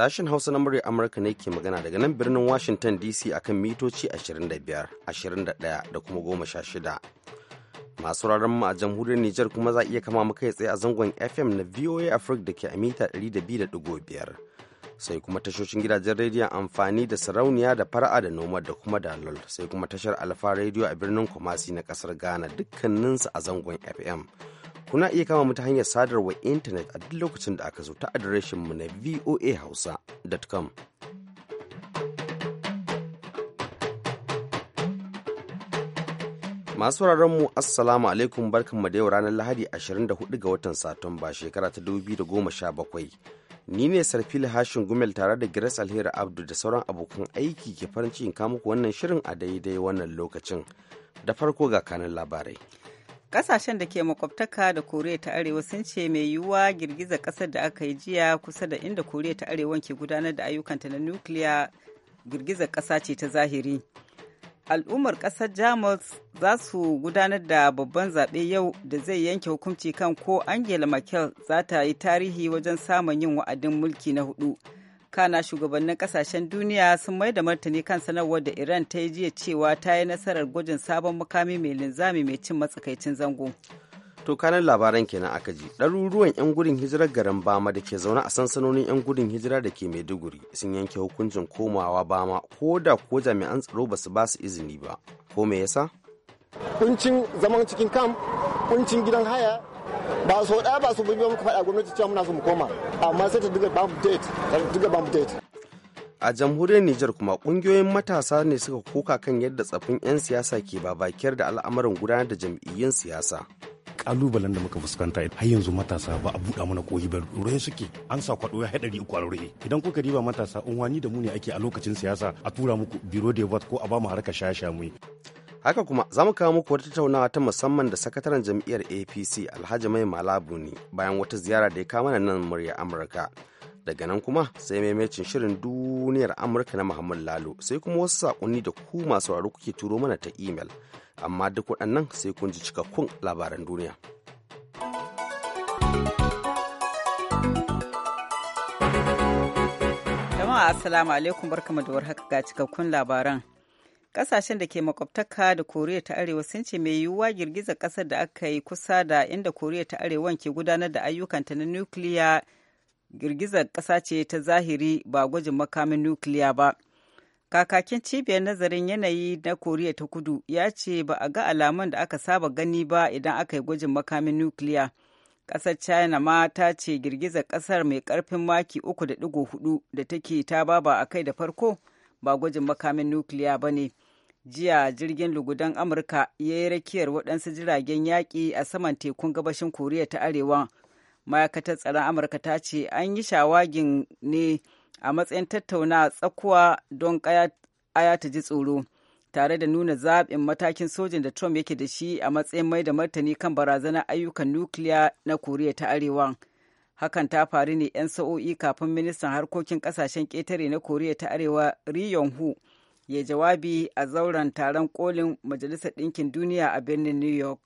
Sashen Hausa na murya Amurka ne ke magana daga nan birnin Washington DC akan mitoci 25, 21 da kuma 16. Masu raron mu a jamhuriyar Nijar kuma za a iya kama kai tsaye a zangon FM na VOA Africa da ke a mita 200.5. Sai kuma tashoshin gidajen rediyon amfani da sarauniya da fara'a da noma da kuma dalol sai kuma tashar Alfa rediyo a birnin Kumasi na kasar Ghana dukkaninsu a zangon FM. Kuna iya kama mu ta hanyar sadarwar intanet a duk lokacin da aka zo ta adireshinmu na voahausa.com. Masu mu Assalamu alaikum barkanmu da yau ranar Lahadi 24 ga watan Satumba shekara ta 2017. Ni ne Sarfil Hashin Gumel tare da Grace Alheri Abdu da sauran abokan aiki ke farin cikin muku wannan shirin a daidai wannan lokacin. Da farko ga kanin labarai. Ƙasashen da ke makwabtaka da Koriya ta Arewa sun ce mai yiwuwa girgizar ƙasar da aka yi jiya kusa da inda Koriya ta Arewa ke gudanar da ayyukanta na nukiliya girgizar ƙasa ce ta zahiri. Al'ummar ƙasar Jamus za su gudanar da babban zaɓe yau da zai yanke hukunci kan ko Angela Merkel za ta yi tarihi wajen samun yin wa'adin mulki na hudu. kana shugabannin kasashen duniya sun mai da martani kan sanarwar da iran ta yi jiya cewa ta yi nasarar gwajin sabon mukami mai linzami mai cin matsakaicin zango to kanan labaran kenan aka ji ɗaruruwan 'yan gudun hijirar garin bama da ke zaune a sansanonin 'yan gudun hijira da ke maiduguri sun yanke hukuncin komawa bama ko da ko jami'an tsaro ba su ba su izini ba ko me yasa kuncin zaman cikin kam kuncin gidan haya ba su ɗaya ba su bi muka faɗa gwamnati cewa muna so mu koma amma sai ta diga bank date ta diga date a jamhuriyar Nijar kuma kungiyoyin matasa ne suka koka kan yadda tsafin 'yan siyasa ke babakiyar da al'amarin gudanar da jam'iyyun siyasa. kalubalen da muka fuskanta har yanzu matasa ba a buɗa mana koyi ba ruwa suke an sa kwaɗo ya haɗari uku a rure idan kuka riba matasa unwani da mu ne ake a lokacin siyasa a tura muku biro de vote ko a ba mu harka shaya mu haka kuma za mu kawo muku wata tattaunawa ta musamman da sakataren jam'iyyar apc alhaji mai malabu ne bayan wata ziyara da ya kawo mana nan murya amurka daga nan kuma sai maimacin shirin duniyar amurka na muhammad lalo sai kuma wasu saƙonni da ku masu sauraro kuke turo mana ta imel amma duk waɗannan sai kun ji cikakkun labaran duniya jama'a assalamu alaikum barkamu da warhaka ga cikakkun labaran Ƙasashen da ke makwabtaka da Koriya ta Arewa sun ce mai yiwuwa girgizar ƙasar da aka yi kusa da inda Koriya ta Arewa ke gudanar da ayyukanta na nukiliya girgizar ƙasa ce ta zahiri ba gwajin makamin nukiliya ba. Kakakin cibiyar nazarin yanayi na Koriya ta Kudu ya ce ba a ga alamun da aka saba gani ba idan aka yi gwajin makamin nukiliya. Ƙasar China ma ta ce girgizar ƙasar mai karfin maki 3.4 da take ta baba a kai da farko ba gwajin makamin nukiliya ba ne. jiya jirgin lugudan amurka ya yi rakiyar waɗansu jiragen yaƙi a saman tekun gabashin koriya ta arewa ma'aikatar tsaron amurka ta ce an yi shawagin ne a matsayin tattauna tsakuwa don aya ta ji tsoro tare da nuna zaɓin matakin sojin da trump yake da shi a matsayin mai da martani kan barazanar ayyukan nukiliya na koriya ta arewa hakan ta faru ne 'yan sa'o'i kafin ministan harkokin ƙasashen ƙetare na koriya ta arewa ri yong hu ya jawabi a zauren taron kolin majalisar ɗinkin duniya a birnin new york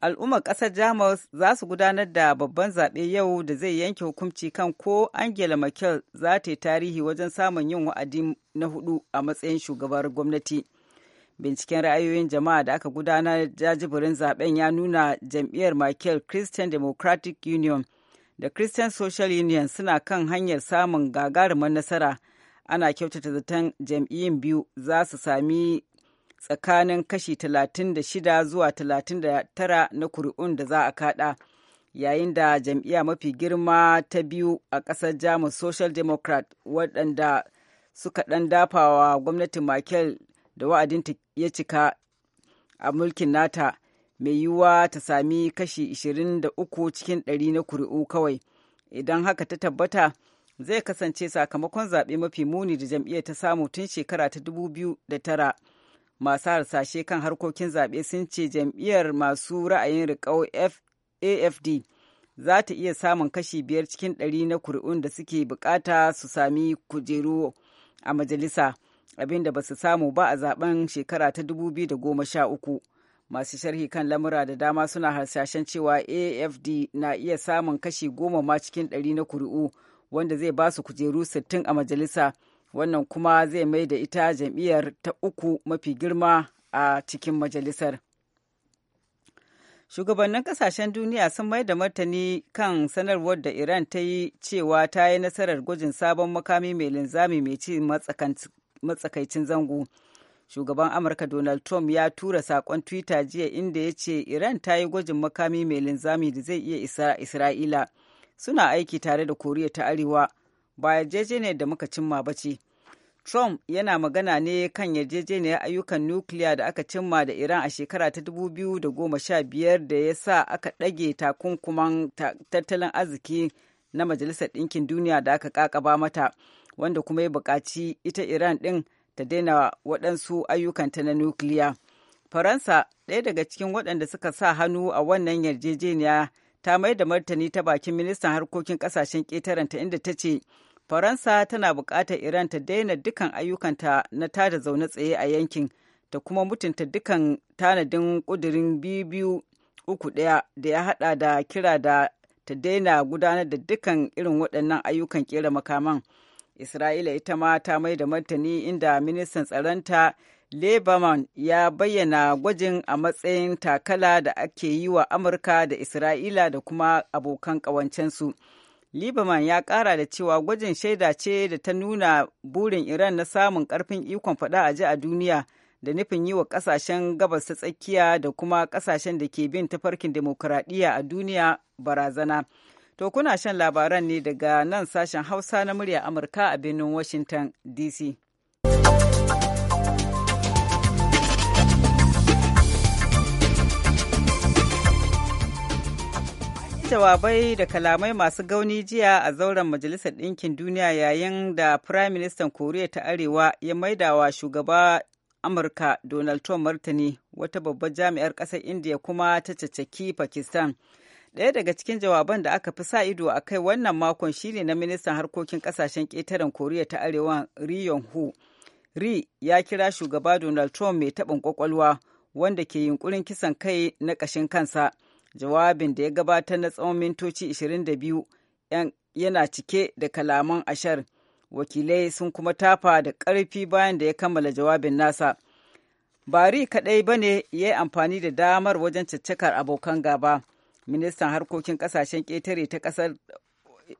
al'ummar ƙasar jamus za su gudanar da babban zaɓe yau da zai yanke hukunci kan ko angela merkel za ta yi tarihi wajen samun yin wa'adi na hudu a matsayin shugabar gwamnati binciken ra'ayoyin jama'a da aka gudanar jajibirin zaben ya nuna jam'iyyar merkel christian democratic union da christian social union suna kan hanyar samun gagarumar nasara ana kyautata zaton jam'iyyun biyu za su sami tsakanin kashi 36 zuwa 39 na kuri'un da za a kada yayin da jam'iyya mafi girma ta biyu a ƙasar jamus social democrat waɗanda suka ɗan dafawa gwamnatin makel da wa'adinta ya cika a mulkin nata mai yiwuwa ta sami kashi 23 cikin 100 na kuri'u kawai idan haka ta tabbata zai kasance sakamakon zaɓe mafi muni da jam'iyyar ta samu tun shekara ta da tara masu harsashe kan harkokin zaɓe sun ce jam'iyyar masu ra'ayin riƙau afd za ta iya samun kashi biyar cikin ɗari na kuri'un da suke bukata su sami kujeru a majalisa abinda ba su samu ba a zaben shekara ta da goma sha uku masu sharhi kan lamura da dama suna harsashen cewa afd na iya samun kashi goma ma cikin ɗari na kuri'u wanda zai ba su kujeru 60 a majalisa wannan kuma zai mai da ita jam'iyyar ta uku mafi girma a cikin majalisar shugabannin kasashen duniya sun mai da martani kan sanarwar da iran ta yi cewa ta yi nasarar gwajin sabon makami mai linzami mai ci matsakaicin zango shugaban amurka donald trump ya tura sakon twitter jiya inda ya ce iran ta yi gwajin makami mai linzami da zai iya isa isra'ila suna aiki tare da koriya ta arewa ba yarjejeniyar da muka cimma ba ce trump yana magana ne kan yarjejeniyar ayyukan nukiliya da aka cimma da iran a shekara ta 2015 da ya sa aka ɗage takunkuman tattalin arziki na majalisar ɗinkin duniya da aka kakaba mata wanda kuma ya buƙaci ita iran ɗin ta daina waɗansu ayyukanta na nukiliya faransa ɗaya daga cikin waɗanda suka sa hannu a wannan yarjejeniya ta mai da martani ta bakin ministan harkokin kasashen ƙetarenta inda ta ce faransa tana buƙatar iran ta daina dukkan ayyukanta na tada zaune tsaye a yankin ta kuma mutunta dukkan tanadin ƙudurin biyu uku ɗaya da ya haɗa da kira da ta daina gudanar da dukkan irin waɗannan ayyukan ƙera makaman isra'ila ita ma ta mai da martani inda ministan tsaronta Lebanon ya bayyana gwajin a matsayin takala da ake yi wa Amurka da Isra'ila da kuma abokan ƙawancensu. Lieberman ya ƙara da cewa gwajin shaida ce da ta nuna burin Iran na samun ƙarfin ikon faɗa a ji a duniya da nufin yi wa ƙasashen gabas ta tsakiya da kuma ƙasashen da ke bin tafarkin demokuraɗiyya a duniya barazana. To kuna shan labaran ne daga nan sashen Hausa na murya Amurka a birnin Washington DC. jawabai da kalamai masu gauni jiya a zauren Majalisar Ɗinkin Duniya yayin da prime Ministan Koriya ta Arewa ya maida wa shugaba Amurka Donald Trump martani wata babbar jami'ar ƙasar India kuma ta caccaki Pakistan. Ɗaya daga cikin jawaban da aka fi sa ido a kai wannan makon shine na ministan harkokin ƙasashen ƙetaren Koriya ta Arewa Ri Yong Ho. Ri ya kira shugaba Donald Trump mai taɓin ƙwaƙwalwa wanda ke yunkurin kisan kai na ƙashin kansa. jawabin da ya gabatar na tsawon mintoci 22 yana cike da kalaman ashar wakilai sun kuma tafa da ƙarfi bayan da ya kammala jawabin nasa bari kaɗai ba ne ya yi amfani da damar wajen caccakar abokan gaba ministan harkokin ƙasashen ƙetare ta ƙasar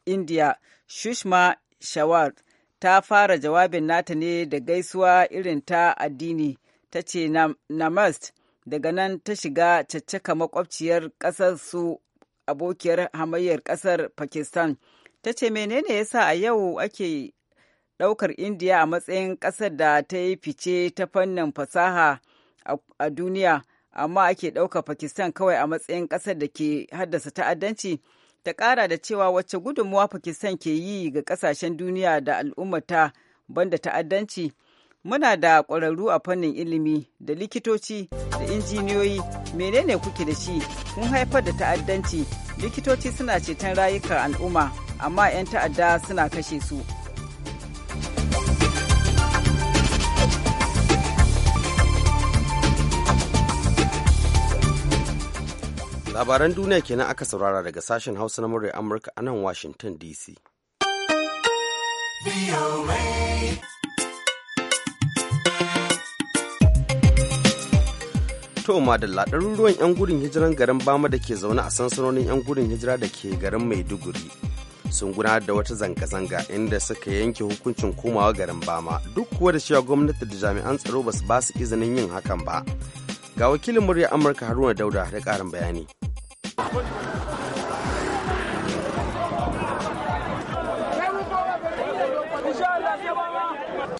india shushma shawar ta fara jawabin nata ne da gaisuwa irin ta addini ta ce namast daga nan ta shiga caccaka makwabciyar ƙasar su abokiyar hamayyar ƙasar pakistan ta ce menene yasa a yau ake ɗaukar indiya a matsayin ƙasar da ta yi fice ta fannin fasaha a duniya amma ake ɗaukar pakistan kawai a matsayin ƙasar da ke haddasa ta'addanci ta ƙara da cewa wacce gudunmuwa pakistan ke yi ga ƙasashen duniya da al'ummata banda ta'addanci muna da ƙwararru a fannin ilimi da likitoci da injiniyoyi menene kuke da shi kun haifar da ta'addanci likitoci suna ceton rayukan al'umma amma 'yan ta'adda suna kashe su labaran duniya kenan aka saurara daga sashen hausa na murya amurka a nan washington dc da ladarin ruwan 'yan gudun hijiran garin Bama da ke zaune a sansanonin 'yan gudun hijira da ke garin Maiduguri sun gudanar da wata zanga-zanga inda suka yanke hukuncin komawa garin Bama duk kuwa da cewa gwamnati da jami'an tsaro ba su ba su izinin yin hakan ba. Ga wakilin murya Amurka Haruna Dauda da karin bayani.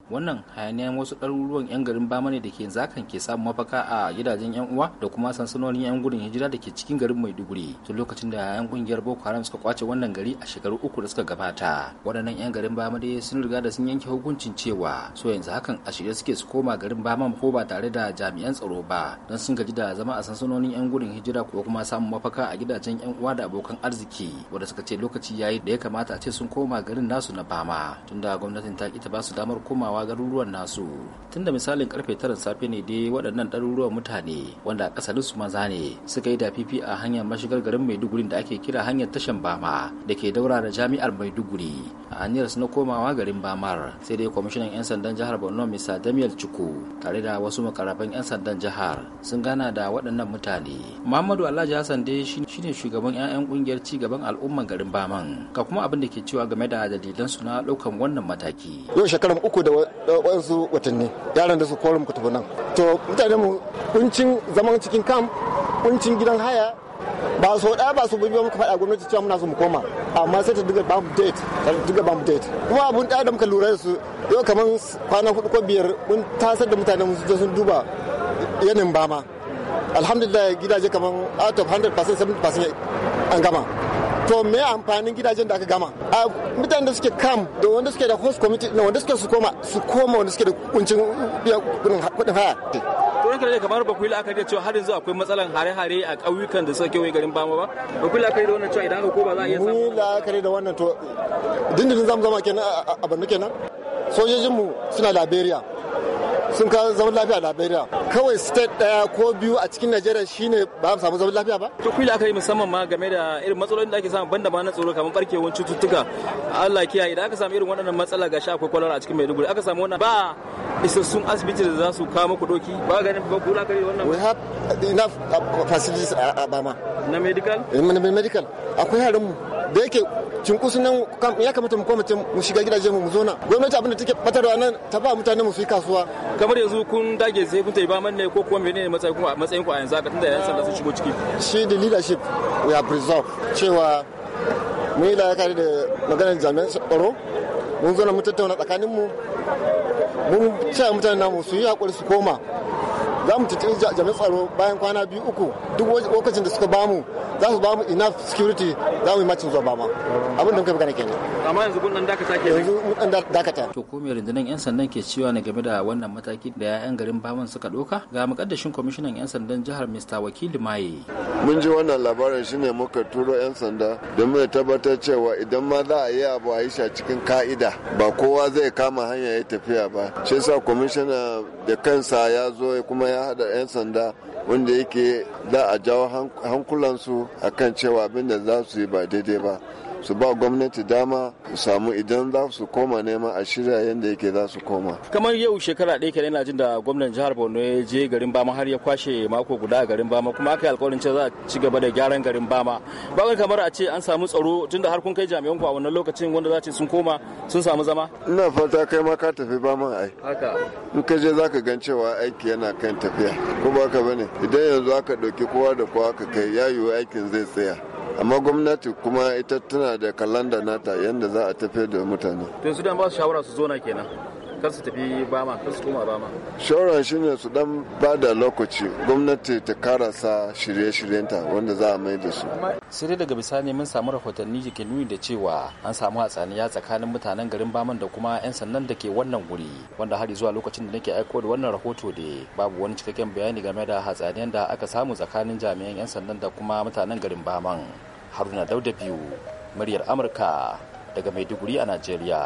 wannan hayaniyan wasu ɗaruruwan 'yan garin bama ne da ke zakan ke samun mafaka a gidajen 'yan uwa da kuma sansanonin 'yan gudun hijira da ke cikin garin maiduguri tun lokacin da 'yan kungiyar boko haram suka kwace wannan gari a shekaru uku da suka gabata waɗannan 'yan garin bama dai sun riga da sun yanke hukuncin cewa so yanzu hakan a shirye suke su koma garin bama ko ba tare da jami'an tsaro ba don sun gaji da zama a sansanonin 'yan gudun hijira ko kuma samun mafaka a gidajen 'yan uwa da abokan arziki wanda suka ce lokaci yayi da ya kamata a ce sun koma garin nasu na bama tunda gwamnatin ta ki ta ba su damar komawa hawa garuruwan nasu tun da misalin karfe tarin safe ne dai waɗannan ɗaruruwan mutane wanda akasarin su maza ne suka yi dafifi a hanyar mashigar garin maiduguri da ake kira hanyar tashan bama da ke daura da jami'ar maiduguri a hanyar su na komawa garin bamar sai dai kwamishinan 'yan sandan jihar borno mr damiel chuku tare da wasu makarafan 'yan sandan jihar sun gana da waɗannan mutane muhammadu alhaji hassan dai shine shugaban 'ya'yan kungiyar ci gaban al'umman garin baman ga kuma abin da ke cewa game da dalilan su na ɗaukan wannan mataki yau shekaran uku da wasu watanni yaran da su korin ku tafi nan to mutane mu kuncin zaman cikin kam kuncin gidan haya ba so ɗaya ba su bibiyo muka faɗa gwamnati cewa muna so mu koma amma sai ta diga ba mu date ta diga ba mu date kuma abun ɗaya da muka lura da su yau kamar kwana hudu ko biyar mun tasar da mutane mu sun duba ba bama alhamdulillah gidaje kamar out of 100% 70% an gama to me amfanin gidajen da aka gama a mutanen da suke kam da wanda suke da host committee na wanda suke su koma su koma wanda suke da kuncin kudin haya to yanka da kamar ba ku yi la'akari da cewa har yanzu akwai matsalan hare-hare a ƙauyukan da suka kewaye garin Bama ba ba ku yi la'akari da wannan cewa idan aka koma ba za a iya samu ni la'akari da wannan to dindindin zamu zama kenan a banda kenan sojojinmu suna Liberia sun kawo zaman lafiya a Najeriya. Kawai state ɗaya ko biyu a cikin Najeriya shine ba mu samu zaman lafiya ba. To kuyi aka yi musamman ma game da irin matsalolin da ake samu banda ma na tsoro kamar barkewar cututtuka. Allah kiyaye idan aka samu irin waɗannan matsala ga sha akwai kwalara a cikin Maiduguri aka samu wannan ba isassun asibiti da za su kawo muku doki ba ganin ba kula kare wannan. We have enough uh, facilities a uh, uh, Bama. Na medical? Eh, na medical. Akwai harin mu. da yake cinkusu nan ya kamata mu koma mu shiga gidaje mu zo nan gwamnati abinda take fatarwa nan ta ba mutane mu su yi kasuwa kamar yanzu kun dage zai kun taiba manne ko kuma menene matsayin ku matsayin ku a yanzu ka tunda yan sanda su shigo ciki shi the leadership we have resolved cewa mun yi la'akari da maganar jami'an tsaro mun zo na mu tattauna tsakaninmu mun ce mutane namu su yi hakuri su koma za mu tutun jami'an tsaro bayan kwana biyu uku duk lokacin da suka bamu za su bamu enough security za mu yi macin zuwa bama abin da muka fi gane kenan amma yanzu kun dan dakata ke yanzu mun dan dakata to ko me rundunar yan sandan ke cewa ne game da wannan mataki da ya'yan garin baman suka doka ga mukaddashin kwamishinan yan sandan jihar Mr. Wakili Maye mun ji wannan labarin shine muka turo yan sanda domin ya tabbatar cewa idan ma za a yi abu a yi shi a cikin ka'ida ba kowa zai kama hanya ya tafiya ba shi yasa kwamishina da kansa ya zo kuma ya ya haɗa 'yan sanda wanda yake da a jawo hankulansu kan cewa abinda da za su yi ba daidai ba su ba gwamnati dama su samu idan za su koma neman a shirya yadda yake za su koma kamar yau shekara ɗaya kenan ina jin da gwamnan jihar borno ya je garin bama har ya kwashe mako guda a garin bama kuma aka yi alkawarin cewa za a ci gaba da gyaran garin bama ba kamar a ce an samu tsaro tunda har kun kai jami'an ku a wannan lokacin wanda za ce sun koma sun samu zama ina fata kai ma ka tafi bama ai haka in ka je za ka gan cewa aiki yana kan tafiya ko ba ka bane idan yanzu aka ɗauki kowa da kowa ka kai ya yiwu aikin zai tsaya amma gwamnati kuma ita tana da kalanda nata yadda za a tafi da mutane to su dan ba su shawara su zo na kenan kan su tafi bama kan su koma bama shawara shine su dan ba da lokaci gwamnati ta karasa shirye-shiryenta wanda za a mai da su sai daga bisani mun samu rahotanni da ke nuni da cewa an samu hatsaniya tsakanin mutanen garin baman da kuma 'yan sandan da ke wannan wuri wanda har zuwa lokacin da nake aiko da wannan rahoto da babu wani cikakken bayani game da hatsaniyar da aka samu tsakanin jami'an 'yan sandan da kuma mutanen garin baman haruna dauda biyu muryar amurka daga maiduguri a najeriya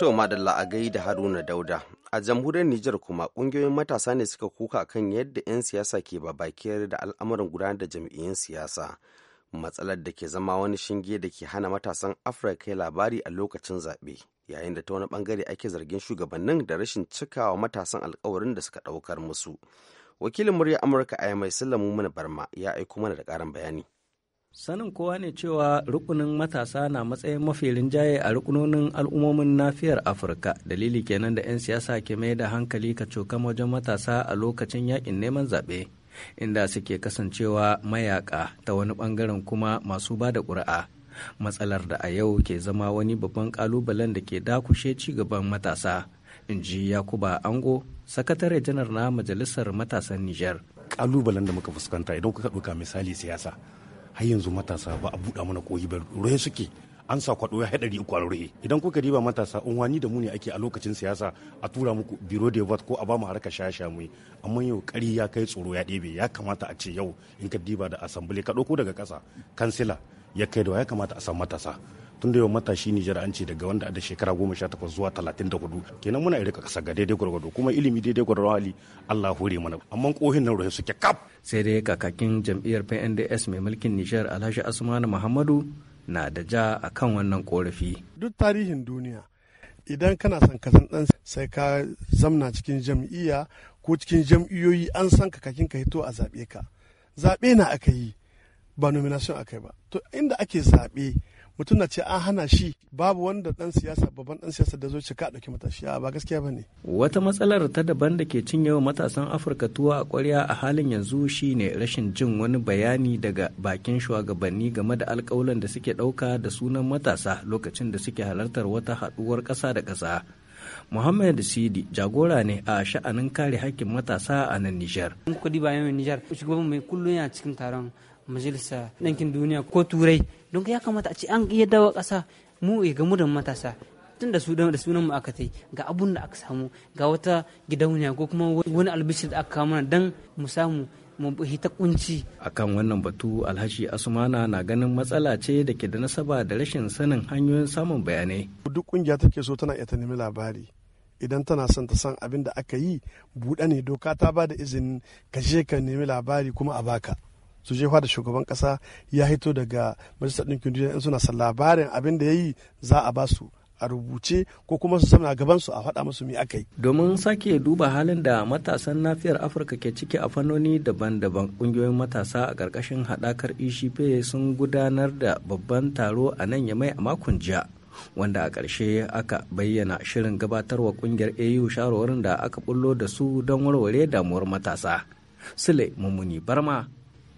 To madalla a gai da Haruna Dauda. A jamhuriyar Nijar kuma ƙungiyoyin matasa ne suka kuka kan yadda 'yan siyasa ke babakiyar da al'amuran gudanar da jam'iyyun siyasa. Matsalar da ke zama wani shinge da ke hana matasan Afirka kai labari a lokacin zaɓe, yayin da ta wani ɓangare ake zargin shugabannin da rashin cikawa matasan alkawarin da suka ɗaukar musu. Wakilin murya Amurka a mai Sallamu Mana Barma ya aiko mana da ƙarin bayani. Sanin kowa ne cewa rukunin matasa na matsayin mafi rinjaye a rukunonin al'ummomin nafiyar Afirka. Dalili kenan da 'yan siyasa ke mai da hankali ka cokan wajen matasa a lokacin yakin neman zaɓe, inda suke kasancewa mayaka ta wani ɓangaren kuma masu ba da ƙuri'a. Matsalar da a yau ke zama wani babban ƙalubalen da ke dakushe ci gaban matasa. in ji yakuba ango sakatare janar na majalisar matasan nijar kalubalen da muka fuskanta idan kuka ɗauka misali siyasa har yanzu matasa ba a buɗa mana koyi ba ruhe suke an sa kwaɗo ya haɗari uku a ruhe idan kuka riba matasa unwani da mu ne ake a lokacin siyasa a tura muku biro de vote ko a ba mu haraka shasha mu amma yau kari ya kai tsoro ya ɗebe ya kamata a ce yau in ka diba da assembly ka ɗauko daga ƙasa kansila ya kai da ya kamata a san matasa tun da yau matashi Nijar an ce daga wanda da shekara goma sha takwas zuwa talatin da hudu kenan muna iri kasa ga daidai gwargwado kuma ilimi daidai gwargwado hali Allah hore mana amma kohin nan rohe suke kaf. sai dai kakakin jam'iyyar PNDS mai mulkin Nijar Alhaji Asmanu Muhammadu na da ja a kan wannan korafi. Duk tarihin duniya idan kana son ka san dan sai ka zamna cikin jam'iyya ko cikin jam'iyyoyi an san kakakin ka hito a zaɓe ka. Zaɓe na aka yi ba nomination aka yi ba. To inda ake zaɓe mutum na ce an hana shi babu wanda dan siyasa babban dan siyasa da zo ce ka dauki matashi ba gaskiya bane wata matsalar ta daban da ke cinye wa matasan Afirka tuwa a ƙwarya a halin yanzu shine rashin jin wani bayani daga bakin shugabanni game da alƙawalan da suke ɗauka da sunan matasa lokacin da suke halartar wata haɗuwar ƙasa da ƙasa Muhammad Sidi jagora ne a sha'anin kare hakkin matasa a nan Nijar. Kudi bayan Nijar, shugaban mai kullum yana cikin taron majalisa ɗankin duniya ko turai don ya kamata a ce an iya dawa ƙasa mu ya gamu da matasa tun da sunan mu aka ga abun da aka samu ga wata gidauniya ko kuma wani albishir da aka kama mana dan mu samu mu hita kunci a kan wannan batu alhashi asumana na ganin matsala ce da ke da nasaba da rashin sanin hanyoyin samun bayanai duk kungiya take so tana iya ta nemi labari idan tana son ta san abin da aka yi buɗe ne doka ta ba da izinin ka je ka nemi labari kuma a baka su jefa da shugaban kasa ya hito daga majalisar ɗinkin duniya in suna son labarin abin da ya yi za a ba su a rubuce ko kuma su a gaban su a faɗa musu mi aka yi. Domin sake duba halin da matasan nafiyar Afirka ke ciki a fannoni daban-daban ƙungiyoyin matasa a ƙarƙashin haɗakar ecp sun gudanar da babban taro a nan ya mai a makon jiya. wanda a ƙarshe aka bayyana shirin gabatarwa ƙungiyar au shawarwarin da aka bullo da su don warware damuwar matasa sule mummuni barma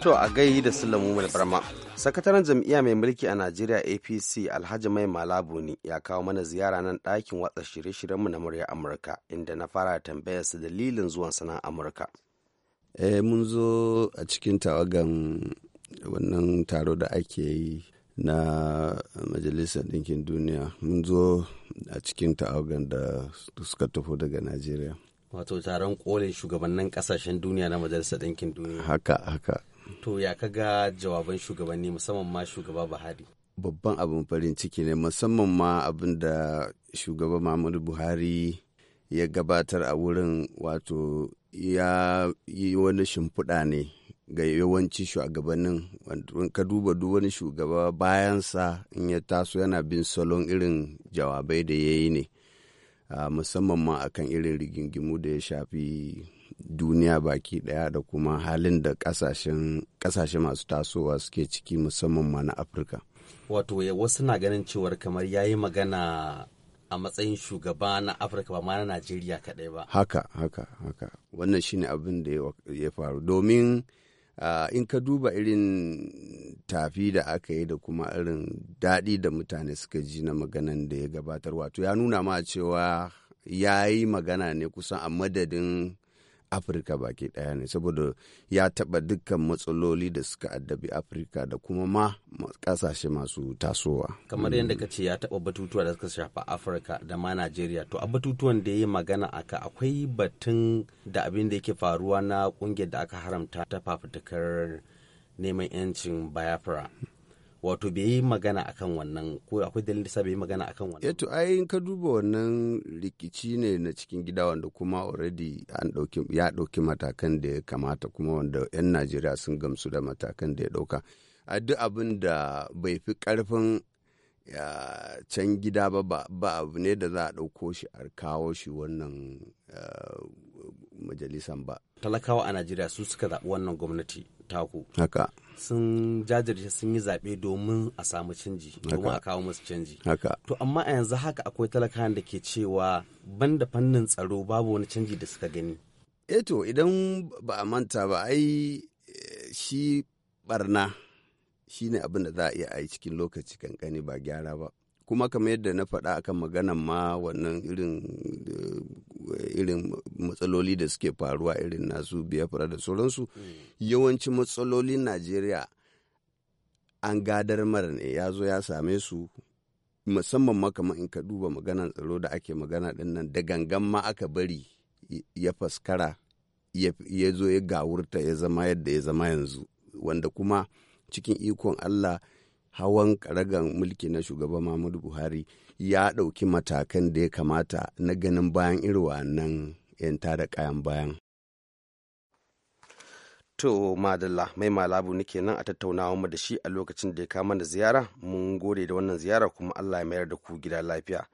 To a gai da Sulamu Barma. Sakataren jam'iyya mai mulki a Najeriya APC Alhaji Mai malabu ne ya kawo mana ziyara nan ɗakin watsa shirye-shiryenmu na murya Amurka inda na fara tambayar su dalilin zuwan sana Amurka. Eh mun zo a cikin tawagan wannan taro da ake yi na Majalisar Ɗinkin Duniya. Mun zo a cikin tawagan da suka tafi daga Najeriya. wato taron kole shugabannin kasashen duniya na majalisar ɗinkin duniya haka haka to ya kaga jawaban shugabanni musamman ma shugaba buhari babban abin farin ciki ne musamman ma abin da shugaba muhammadu buhari ya gabatar a wurin wato ya yi wani shimfiɗa ne ga yawanci shugabannin ka duba duk wani shugaba bayansa in ya taso yana bin salon irin jawabai da ya yi ne musamman ma akan irin rigingimu da ya shafi duniya baki daya da kuma halin da kasashe masu tasowa suke ciki musamman ma na afirka wato wasu na ganin cewar kamar ya yi magana a matsayin shugaba na afirka ba ma na najeriya kadai ba haka haka haka wannan shine abin da ya faru domin Ah, in ka duba irin tafi da aka yi da kuma irin daɗi da mutane suka ji na maganan da ya gabatar wato ya nuna ma cewa ya yi magana ne kusan a madadin afirka baki ɗaya ne saboda ya taɓa dukkan matsaloli da suka addabi afirka da kuma ma kasashe masu tasowa kamar yadda mm. ka ce ya taba batutuwa da suka shafa afirka da ma najeriya to a batutuwan da ya yi magana aka akwai batun da abin da yake faruwa na ƙungiyar da aka haramta ta fafutukar neman 'yancin biafra wato bai yi magana akan wannan ko akwai dalilin sa bai yi magana akan wannan eto eh ai in ka duba wannan rikici ne na cikin gida wanda kuma already an dauki ya dauki matakan da ya kamata kuma wanda yan Najeriya sun gamsu da matakan da ya dauka a duk abin da bai fi karfin can gida ba ba abu ne da za a dauko shi a kawo shi wannan majalisan ba talakawa a Najeriya su suka zaɓi wannan gwamnati taku haka sun jajirce sun yi zaɓe domin a samu canji domin a kawo musu canji to amma a yanzu haka akwai talakawan da ke cewa banda fannin tsaro babu wani canji da suka gani eto eh idan ba a manta ba ai eh, shi barna shi ne abin da za a iya a cikin lokaci kankani ba gyara ba kuma kamar yadda na faɗa akan maganan ma wannan irin eh, matsaloli da suke faruwa irin nasu biyafra da sauransu hmm. yawancin matsalolin najeriya an gadar mara ne ya zo ya same su musamman ma kamar in ka duba maganan tsaro da ake magana din nan da gangan ma aka bari ya faskara ya zo ya gawurta ya zama yadda ya zama yanzu wanda kuma cikin ikon allah hawan karagan mulki na shugaba Muhammadu Buhari ya ɗauki matakan da ya kamata na ganin bayan irwa nan 'yan tara kayan bayan. To Madalla mai malabu nake nan a tattaunawa mu da shi a lokacin da ya kama da ziyara mun gode da wannan ziyara kuma Allah ya mayar da ku gida lafiya.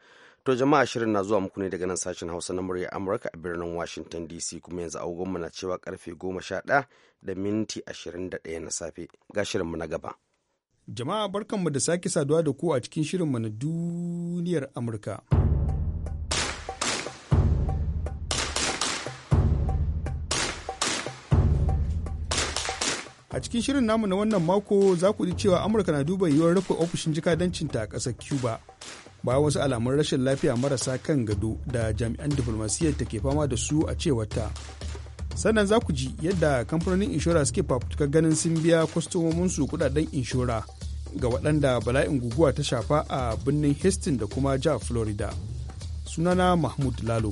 To jama'a shirin na zuwa muku ne daga nan sashen Hausa na murya Amurka a birnin Washington DC kuma yanzu agogon mu na cewa karfe 11 da minti 21 na safe. Ga shirinmu na gaba. Jama'a barkanmu da sake saduwa da ku a cikin shirin na duniyar Amurka. A cikin shirin namu na wannan mako za ku ji cewa Amurka na duba yiwuwar rufe ofishin jikadancinta a ƙasar Cuba. Bayan wasu alamun rashin lafiya marasa kan gado da jami'an diflomasiyyar ta ke fama da su a cewar ta. sannan za ku ji yadda kamfanonin inshora suke fafutuka ganin sun biya kwastomominsu kudaden inshora ga waɗanda bala'in guguwa ta shafa a birnin histon da kuma ja Florida. Sunana Mahmud Lalo.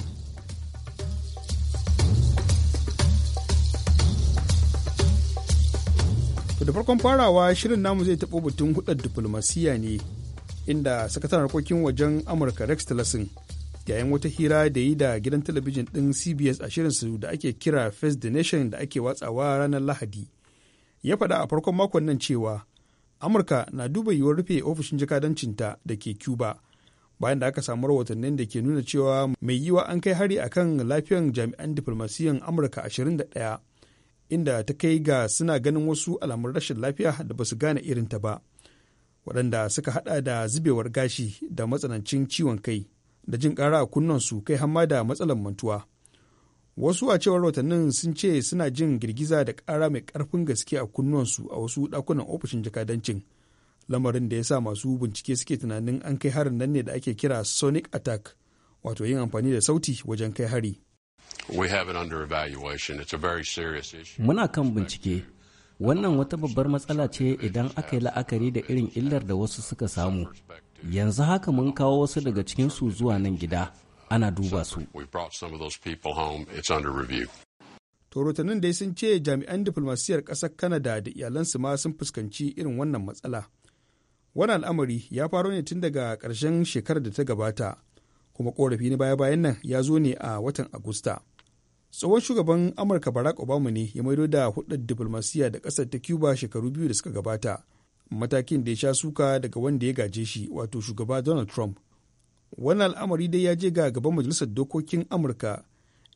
To da farkon farawa shirin namu zai taɓo batun hudar diflomasiyya ne inda sakataren harkokin wajen Amurka Rex Tillerson yayin wata hira da yi da gidan talabijin ɗin cbs a shirinsu da ake kira face the nation da ake watsawa ranar lahadi ya faɗa a farkon makon nan cewa amurka na duba yiwuwar rufe ofishin jakadancinta da ke cuba bayan da aka samu rahotannin da ke nuna cewa mai yiwa an kai hari a kan lafiyan jami'an diflomasiyan amurka 21 inda ta kai ga suna ganin wasu alamun rashin lafiya da ba su gane irinta ba waɗanda suka haɗa da zubewar gashi da matsanancin ciwon kai da jin ƙara a su kai hamada da matsalar mantuwa wasu a cewar rahotannin sun ce suna jin girgiza da ƙara mai ƙarfin gaske a kunnuwansu a wasu ɗakunan ofishin jakadancin lamarin da ya sa masu bincike suke tunanin an kai harin nan ne da ake kira sonic attack wato yin amfani da sauti wajen kai hari Muna kan bincike wannan wata babbar matsala ce idan aka yi la'akari da irin illar da wasu suka samu yanzu haka mun kawo wasu daga cikin su zuwa nan gida ana duba su rahotannin dai sun ce jami'an diflomasiyyar ƙasar kanada da iyalansu ma sun fuskanci irin wannan matsala wani al'amari ya faro ne tun daga ƙarshen shekarar da ta gabata kuma ƙorafi na baya-bayan nan ya zo ne a watan agusta tsohon shugaban amurka barack obama ne ya maido da hudar diplomasiya da kasar ta cuba shekaru biyu da suka gabata matakin da ya sha suka daga wanda ya gaje shi wato shugaba donald trump wani al'amari dai ya je ga gaban majalisar dokokin amurka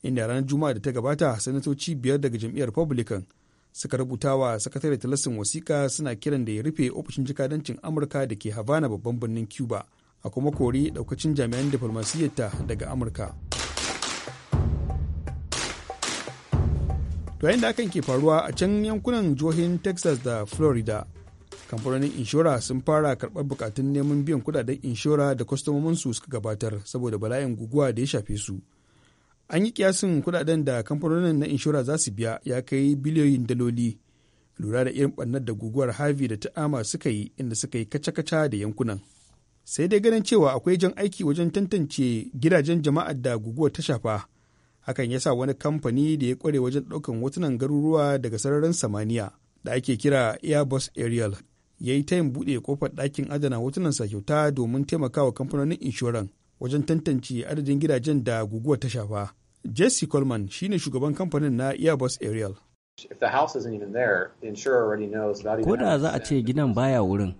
inda ranar juma'a da ta gabata sanatoci biyar daga jam'iyyar republican suka rubuta wa sakatare talasin wasiƙa suna kiran da ya rufe ofishin jikadancin amurka da ke havana babban birnin cuba a kuma kori daukacin jami'an diflomasiyyarta daga amurka to yayin da hakan ke faruwa a can yankunan jihohin texas da florida kamfanonin inshora sun fara karɓar bukatun neman biyan kudaden inshora da kwastomominsu suka gabatar saboda bala'in guguwa da ya shafe su an yi kiyasin kudaden da kamfanonin na inshora za su biya ya kai biliyoyin daloli lura da irin bannar da guguwar harvey da ta'ama suka yi inda suka yi kaca-kaca da yankunan sai dai ganin cewa akwai jan aiki wajen tantance gidajen jama'ar da guguwar ta shafa hakan ya sa wani kamfani da ya kware wajen ɗaukan hotunan garuruwa daga sararin samaniya da ake kira airbus aerial ya yi tayin buɗe kofar ɗakin adana hotunansa kyauta domin taimakawa kamfanonin inshoran wajen tantance adadin gidajen da guguwa ta shafa jesse coleman shine shugaban kamfanin na airbus aerial ko da za a ce gidan baya wurin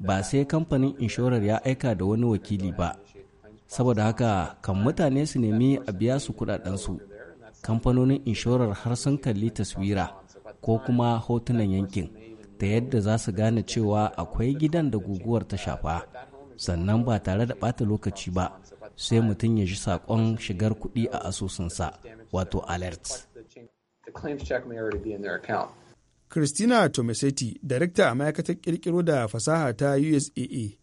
ba sai kamfanin inshorar ya aika da wani wakili ba saboda haka kan mutane su nemi a biya su kudadensu kamfanonin inshorar har sun kalli taswira ko kuma hotunan yankin ta yadda za su gane cewa akwai gidan da guguwar ta shafa sannan ba tare da bata lokaci ba sai mutum ya ji saƙon shigar kuɗi a asusunsa wato alert christina tomasetti darakta a ma'aikatar kirkiro da fasaha ta usaa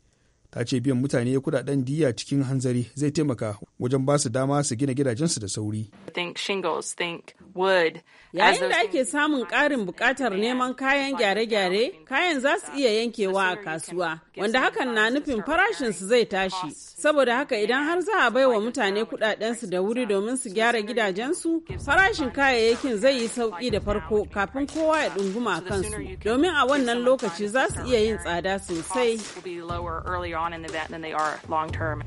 ta ce biyan mutane kudaden diya cikin hanzari zai taimaka wajen ba su dama su gina gidajensu da sauri. Yayin da ake samun ƙarin buƙatar neman kayan gyare-gyare, kayan za su iya yankewa a kasuwa, wanda hakan na nufin farashinsu zai tashi. Saboda haka idan har za a bai wa mutane kudadensu da wuri domin su gyara gidajensu, farashin kayayyakin zai yi sauƙi da farko kafin kowa ya dunguma kansu, domin a wannan lokaci za su iya yin tsada sosai. on in the vet than they are long term.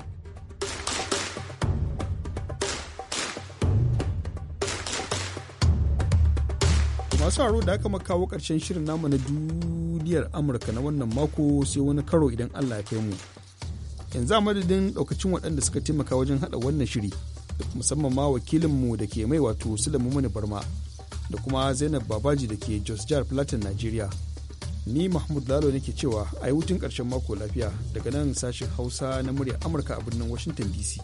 masu haro da aka makawo karshen shirin namu na duniyar amurka na wannan mako sai wani karo idan allah ya kai mu yanzu a madadin daukacin waɗanda suka taimaka wajen haɗa wannan shiri musamman ma wakilinmu da ke mai wato sulaimu mani barma da kuma zainab babaji da ke jos jihar platin nigeria ni mahmud lalo nake cewa a yi hutun ƙarshen mako lafiya daga nan sashen hausa na murya amurka a birnin washington dc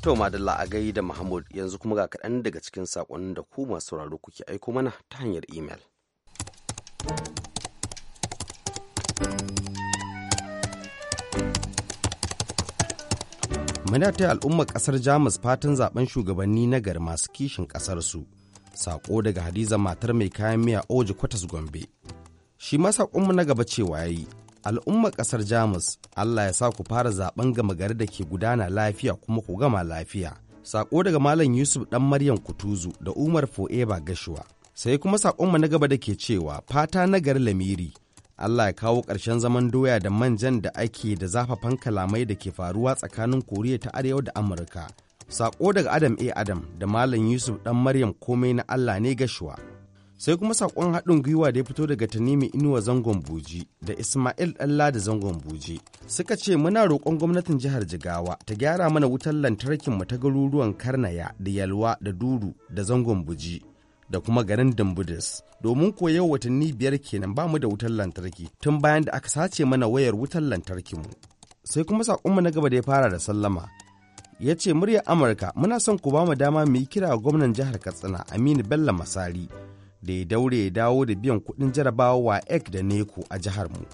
to madalla a gai da mahmud yanzu kuma ga kaɗan daga cikin saƙonin da ku masu sauraro kuke aiko mana ta hanyar imel muna al'ummar ƙasar jamus fatan zaben shugabanni na gari masu kishin ƙasarsu Sako daga Hadiza matar mai kayan miya Oji Kwatas Gombe. Shi ma saƙonmu na gaba cewa yayi al'ummar ƙasar Jamus Allah ya sa ku fara zaben gama gari da ke gudana lafiya kuma ku gama lafiya. Saƙo daga Malam Yusuf ɗan Maryam Kutuzu da Umar Fo'eba Gashuwa. Sai kuma saƙonmu na gaba da ke cewa fata na gari Lamiri Allah ya kawo ƙarshen zaman doya da manjan da ake da zafafan kalamai da ke faruwa tsakanin Koriya ta Arewa da Amurka Saƙo daga Adam A. Adam da Malam Yusuf ɗan Maryam komai na Allah ne gashuwa. Sai kuma saƙon haɗin gwiwa da ya fito daga Tanimi Inuwa Zangon Buji da Ismail Ɗalla da Zangon Buji. Suka ce muna roƙon gwamnatin jihar Jigawa ta gyara mana wutar lantarkin mu ta garuruwan Karnaya da Yalwa da Duru da Zangon Buji. da kuma garin Dambudis domin yau watanni biyar kenan ba mu da wutar lantarki tun bayan da aka sace mana wayar wutar lantarkinmu. Sai kuma mu na gaba da ya fara da sallama ya ce muryar amurka muna son ku mu dama mu yi kira a gwamnan jihar katsina aminu bello masari da ya daure ya dawo da biyan kuɗin jarabawa wa ek da neko a jihar mu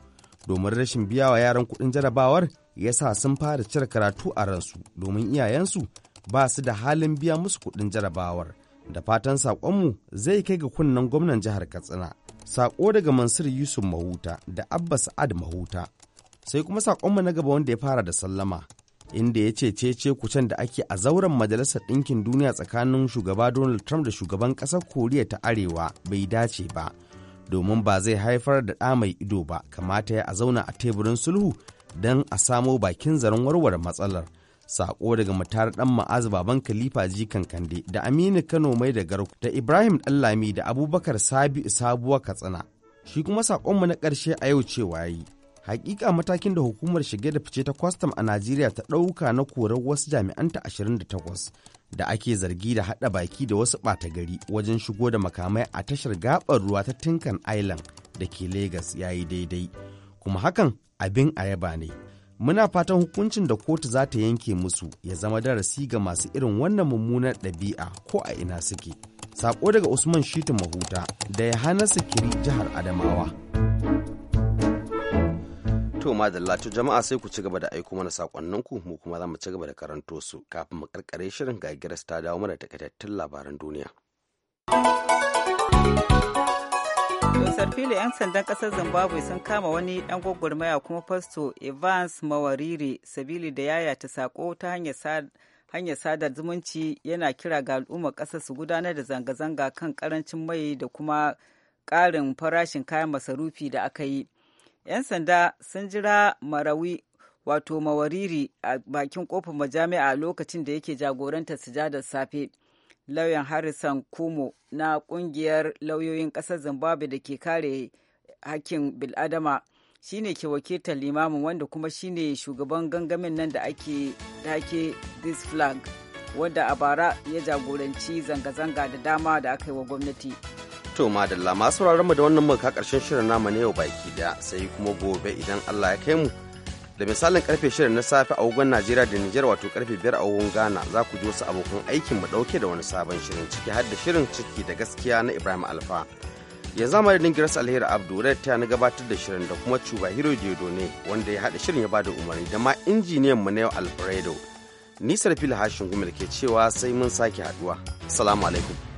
domin rashin biya wa yaran kuɗin jarabawar ya sa sun fara cire karatu a ransu domin iyayensu ba su da halin biya musu kuɗin jarabawar da fatan saƙonmu zai kai ga kunnen gwamnan jihar katsina saƙo daga mansur yusuf mahuta da abba sa'ad mahuta sai kuma saƙonmu na gaba wanda ya fara da sallama inda ya ce cece kucen da ake a zauren majalisar ɗinkin duniya tsakanin shugaba donald trump da shugaban ƙasar koriya ta arewa bai dace ba domin ba zai haifar da ɗa mai ido ba kamata ya a zauna a teburin sulhu don a samo bakin zaren warware matsalar sako daga mutar dan ma'az baban khalifa ji kankande da aminu kano mai da garku da ibrahim dallami da abubakar sabi sabuwa katsina shi kuma sakonmu na ƙarshe a yau cewa yi Hakika matakin da hukumar shige da fice ta kwastam a Najeriya ta ɗauka na korar wasu jami'anta 28 da ake zargi da haɗa baki da wasu ɓata gari wajen shigo da makamai a tashar gaɓar ruwa ta Tinkan Island da ke Legas ya yi daidai. Kuma hakan abin a yaba ne. Muna fatan hukuncin da kotu za ta yanke musu ya zama darasi ga masu irin wannan mummunar ɗabi'a ko a ina suke. Sako daga Usman Shitu Mahuta da hana Sikiri jihar Adamawa. To madalla to jama'a sai ku ci gaba da aiko mana sakonninku mu kuma za mu ci gaba da karanto su kafin mu karkare shirin ga ta dawo mana takaitattun labaran duniya. Dosar fili 'yan sandan kasar Zimbabwe sun kama wani dan gwagwarmaya kuma fasto Evans Mawariri sabili da yaya ta sako ta hanyar hanyar sadar zumunci yana kira ga al'ummar kasar su gudanar da zanga-zanga kan karancin mai da kuma karin farashin kayan masarufi da aka yi. 'yan sanda sun jira marawi wato mawariri a bakin kofar majami'a lokacin da yake jagorantar sujadar safe lauyan harrison kumo na kungiyar lauyoyin kasar zimbabwe da ke kare hakkin biladama shine ke wakiltar limamin wanda kuma shine shugaban gangamin nan da ake take this flag wanda a bara ya jagoranci zanga-zanga da dama da aka yi wa gwamnati To madalla masu mu da wannan muka karshen shirin nama na yau baki daya sai kuma gobe idan Allah ya kai mu da misalin karfe shirin na safe a wugan Najeriya da Nijar wato karfe biyar a wugan Ghana za ku ji wasu abokan aikin mu dauke da wani sabon shirin ciki har da shirin ciki da gaskiya na Ibrahim Alfa. Yanzu amma da Grace Alheri Abdu ta na gabatar da shirin da kuma Cuba Hiro Jedo ne wanda ya haɗa shirin ya bada umarni da ma injiniyan mu na yau Alfredo. Nisar Fil Hashin ke cewa sai mun sake haduwa. Assalamu alaikum.